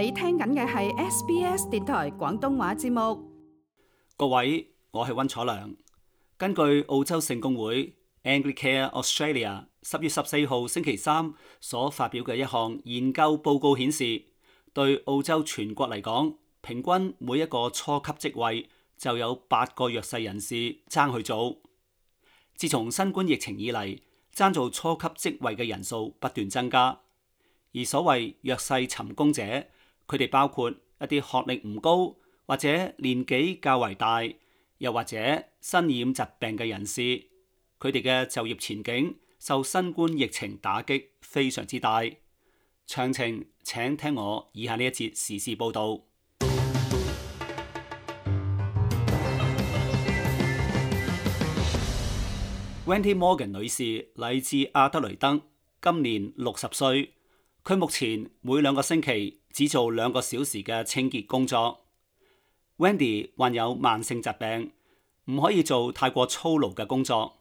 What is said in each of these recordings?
你聽緊嘅係 SBS 電台廣東話節目。各位，我係溫楚良。根據澳洲聖公會 Anglicare Australia 十月十四號星期三所發表嘅一項研究報告顯示，對澳洲全國嚟講，平均每一個初級職位就有八個弱勢人士爭去做。自從新冠疫情以嚟，爭做初級職位嘅人數不斷增加，而所謂弱勢尋工者。佢哋包括一啲學歷唔高，或者年紀較為大，又或者身染疾病嘅人士。佢哋嘅就業前景受新冠疫情打擊非常之大。詳情請聽我以下呢一節時事報導。 Wendy Morgan 女士嚟自阿德雷登，今年六十歲。佢目前每兩個星期，只做兩個小時嘅清潔工作。Wendy 患有慢性疾病，唔可以做太過粗勞嘅工作。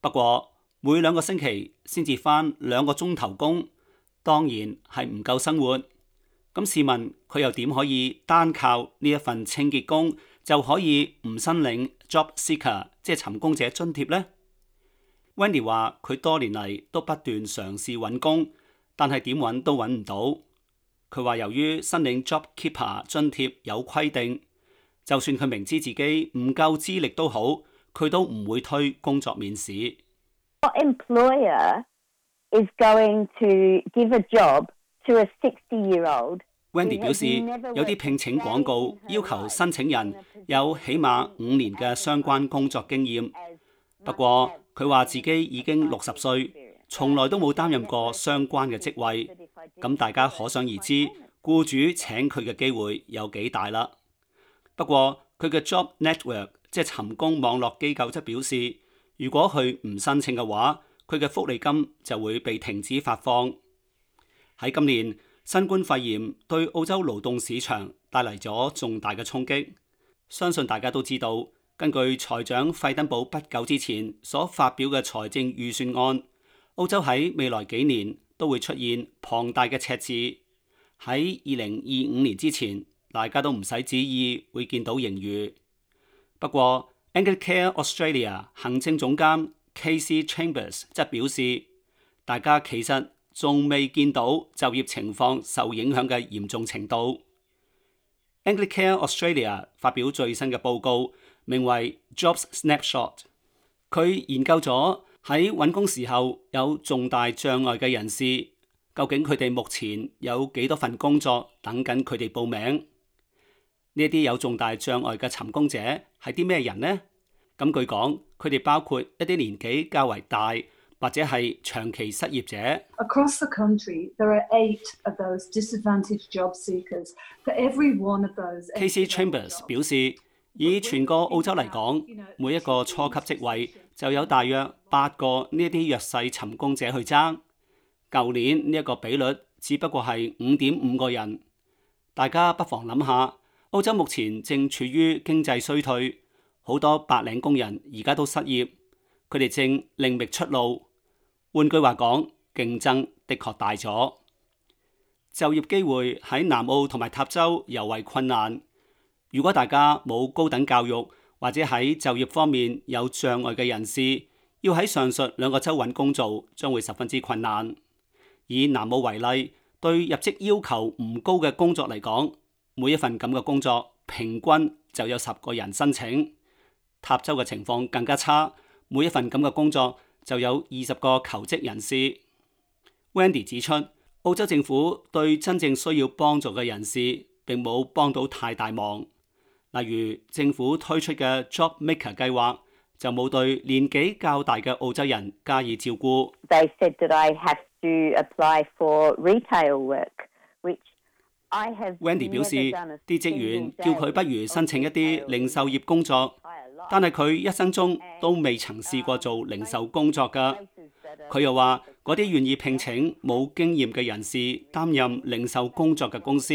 不過每兩個星期先至翻兩個鐘頭工，當然係唔夠生活。咁、嗯、試問佢又點可以單靠呢一份清潔工就可以唔申領 Job Seeker，即係尋工者津貼呢？Wendy 話佢多年嚟都不斷嘗試揾工，但係點揾都揾唔到。佢話：由於申領 JobKeeper 津貼有規定，就算佢明知自己唔夠資歷都好，佢都唔會推工作面試。What employer is going to give a 樂 job to a 60-year-old？Wendy 表示有啲聘請廣告要求申請人有起碼五年嘅相關工作經驗，不過佢話自己已經六十歲。從來都冇擔任過相關嘅職位，咁大家可想而知，僱主請佢嘅機會有幾大啦。不過佢嘅 Job Network，即係尋工網絡機構，則表示，如果佢唔申請嘅話，佢嘅福利金就會被停止發放。喺今年新冠肺炎對澳洲勞動市場帶嚟咗重大嘅衝擊，相信大家都知道，根據財長費登堡不久之前所發表嘅財政預算案。澳洲喺未來幾年都會出現龐大嘅赤字，喺二零二五年之前，大家都唔使旨意會見到盈餘。不過 Anglicare Australia 行政總監 Casey Chambers 則表示，大家其實仲未見到就業情況受影響嘅嚴重程度。Anglicare Australia 發表最新嘅報告，名為 Jobs Snapshot，佢研究咗。喺揾工時候有重大障礙嘅人士，究竟佢哋目前有幾多份工作等緊佢哋報名？呢啲有重大障礙嘅尋工者係啲咩人呢？咁據講，佢哋包括一啲年紀較為大或者係長期失業者。Across the country, there are eight of those disadvantaged job seekers for every one of those. Casey Chambers 表示，以全個澳洲嚟講，每一個初級職位就有大約。八個呢啲弱勢尋工者去爭，舊年呢一個比率只不過係五點五個人。大家不妨諗下，澳洲目前正處於經濟衰退，好多白領工人而家都失業，佢哋正另覓出路。換句話講，競爭的確大咗，就業機會喺南澳同埋塔州尤為困難。如果大家冇高等教育或者喺就業方面有障礙嘅人士，要喺上述兩個州揾工作將會十分之困難。以南澳為例，對入職要求唔高嘅工作嚟講，每一份咁嘅工作平均就有十個人申請。塔州嘅情況更加差，每一份咁嘅工作就有二十個求職人士。Wendy 指出，澳洲政府對真正需要幫助嘅人士並冇幫到太大忙。例如，政府推出嘅 Job Maker 計劃。就冇對年紀較大嘅澳洲人加以照顧。They said that I have to apply for retail work, which I have. Wendy 表示，啲職員叫佢不如申請一啲零售業工作，但係佢一生中都未曾試過做零售工作㗎。佢又話，嗰啲願意聘請冇經驗嘅人士擔任零售工作嘅公司。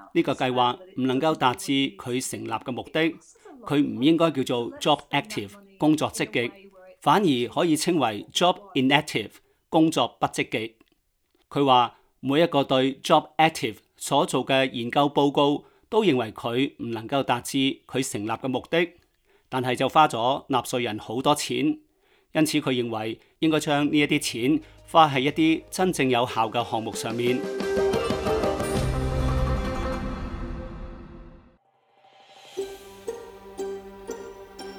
呢個計劃唔能夠達至佢成立嘅目的，佢唔應該叫做 job active 工作積極，反而可以稱為 job inactive 工作不積極。佢話每一個對 job active 所做嘅研究報告都認為佢唔能夠達至佢成立嘅目的，但係就花咗納稅人好多錢，因此佢認為應該將呢一啲錢花喺一啲真正有效嘅項目上面。